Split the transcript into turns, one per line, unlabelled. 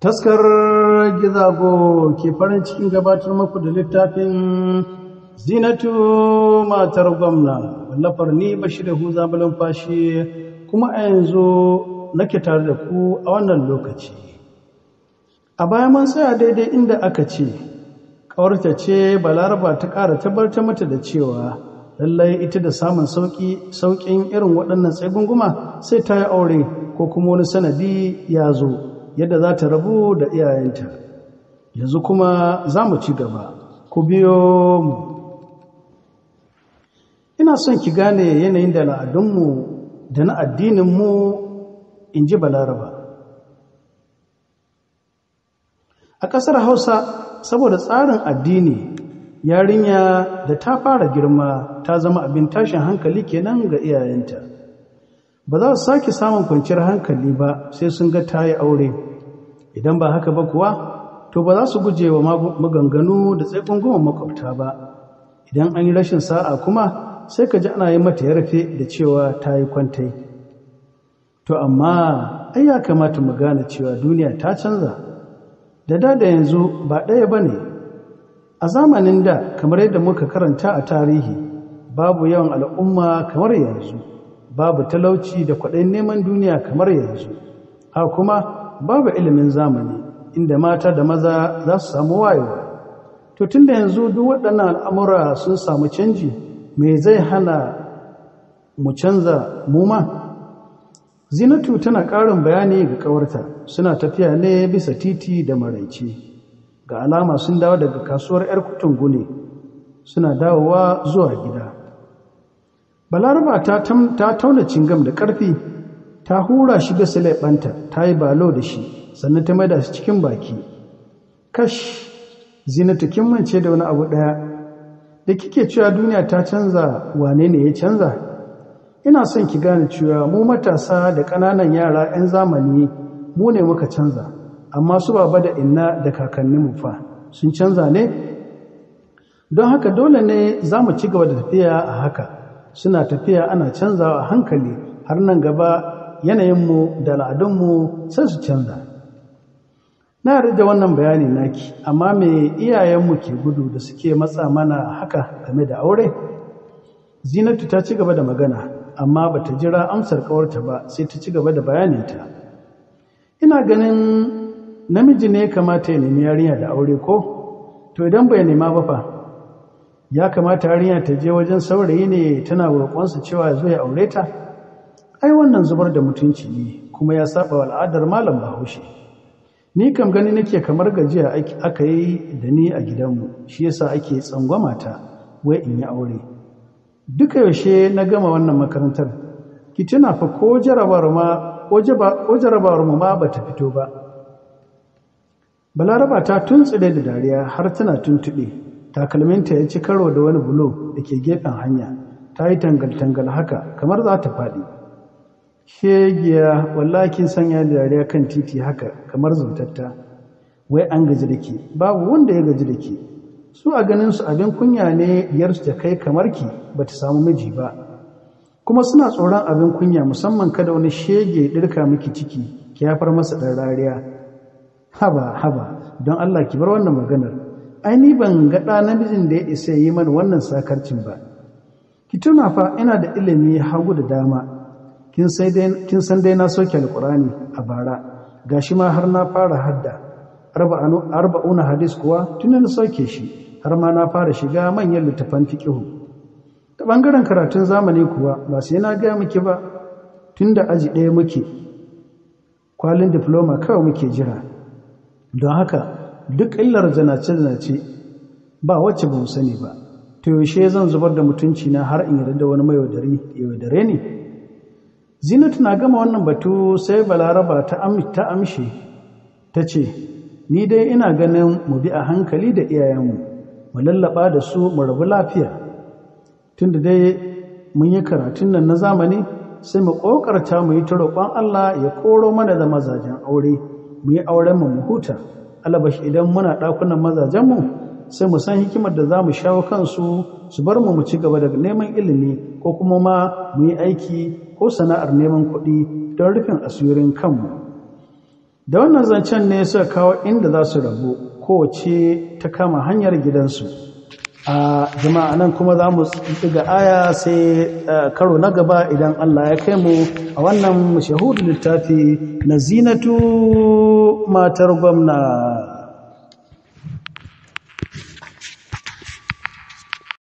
taskar gizago ke farin cikin gabatar muku da littafin zinatu matar gwamna wallafar ni da huza balon fashi kuma a yanzu nake tare da ku a wannan lokaci a baya mun tsaya daidai inda aka ce ƙawarta ce balaraba ta ƙara tabbatar mata da cewa lallai ita da samun sauƙi sauƙin irin waɗannan tsegunguma sai ta yi aure ko kuma wani sanadi ya zo yadda za ta rabu da iyayenta yanzu kuma za mu ci gaba ku biyo mu ina son ki gane yanayin da al'adunmu da na addininmu in ji balaraba a ƙasar hausa saboda tsarin addini yarinya da ta fara girma ta zama abin tashin hankali kenan ga iyayenta ba za su sake samun kwanciyar hankali ba sai sun ga ta yi aure idan ba haka ba kuwa to ba za su guje wa maganganu da tsaikon goma makwabta ba idan an yi rashin sa'a kuma sai ka ji ana yi mata yarfe da cewa ta yi kwantai to amma ai ya kamata mu gane cewa duniya ta canza da da da yanzu ba ɗaya ba ne a zamanin da kamar yadda muka karanta a tarihi babu yawan al'umma kamar yanzu babu talauci da kwaɗayin neman duniya kamar yanzu a kuma babu ilimin zamani inda mata da maza za su samu wayewa to da yanzu duk waɗannan al'amura sun samu canji mai zai hana mu canza muma zinatu tana ƙarin bayani ga ƙawarta suna tafiya ne bisa titi da maraice ga alama sun dawo daga kasuwar 'yar gune suna dawowa zuwa gida balaraba ta tauna cingam da ƙarfi ta hura shi da ta yi balo da shi sannan ta maida shi cikin baki kash zinata kin mance da wani abu ɗaya da kike cewa duniya ta canza wane ne ya canza ina son ki gane cewa mu matasa da ƙananan yara 'yan zamani mu ne muka canza amma su baba da inna da kakanninmu fa sun canza ne don haka dole ne za mu ci gaba da tafiya a haka suna tafiya ana canzawa a hankali har nan gaba yanayinmu da al'adunmu sai su canza na da wannan bayani naki amma me iyayenmu ke gudu da suke matsa mana haka game da aure zinatu ta ci gaba da magana amma ba ta jira amsar kawarta ba sai ta ci gaba da bayaninta ina ganin namiji ne ya kamata ya nemi yarinya da aure ko to idan bai nema ba fa ya kamata yarinya ta je wajen saurayi ne tana roƙonsa cewa ya aure ta ai wannan zubar da mutunci ne kuma ya saba al'adar malam bahaushe ni kam gani nake kamar gajiya aka yi da ni a gidanmu shi yasa ake tsangwama ta wai in yi aure duka yaushe na gama wannan makarantar ki tuna fa ko jarabar ma ko jarabar mu ma bata fito ba balaraba ta tuntsire da dariya har tana tuntuɓe takalminta ya ci karo da wani bulo da ke gefen hanya ta yi tangal-tangal haka kamar za ta faɗi shegiya wallahi kin sanya dariya kan titi haka kamar zuntatta wai an gaji da ke babu wanda ya gaji da ke su a ganin su abin kunya ne biyar su ta kai kamar ki bata samu miji ba kuma suna tsoron abin kunya musamman kada wani shege dirka miki ciki ki haifar masa dan rariya haba haba don Allah ki bar wannan maganar ai ni ban ga ɗa namijin da ya isa yi mana wannan sakarcin ba ki tuna fa ina da ilimi hagu da dama kin san dai na soke alkurani a bara ga shi ma har na fara hadda arba'una hadis kuwa tun na soke shi har ma na fara shiga manyan littafan fiƙihu. ta ɓangaren karatun zamani kuwa ba sai na gaya muke ba tunda aji ɗaya muke kwalin diploma kawai muke jira don haka duk illar zanace-zanace ba wacce ba mu sani ba to yaushe zan zubar da mutunci na har in yarda wani mayaudari yaudare ne zinatu na gama wannan batu sai balaraba ta amshi ta ce ni dai ina ganin mu bi a hankali da iyayenmu mu lallaba da su mu rabu lafiya tunda dai mun yi karatun nan na zamani sai mu kokarta mu yi ta roƙon Allah ya koro mana da mazajen aure mu yi auren mu mu huta albashi idan muna ɗakunan mazajenmu sai mu san hikimar da za mu shawo kansu su bar mu mu ci gaba da neman ilimi ko kuma ma mu yi aiki ko sana'ar neman kuɗi don rufin asirin kanmu da wannan zancen ne suka kawo inda za su rabu ko ce ta kama hanyar gidansu a jama'a nan kuma za mu ga aya sai karo na gaba idan Allah ya kai mu a wannan shahudu littafi na zinatu matar gwamna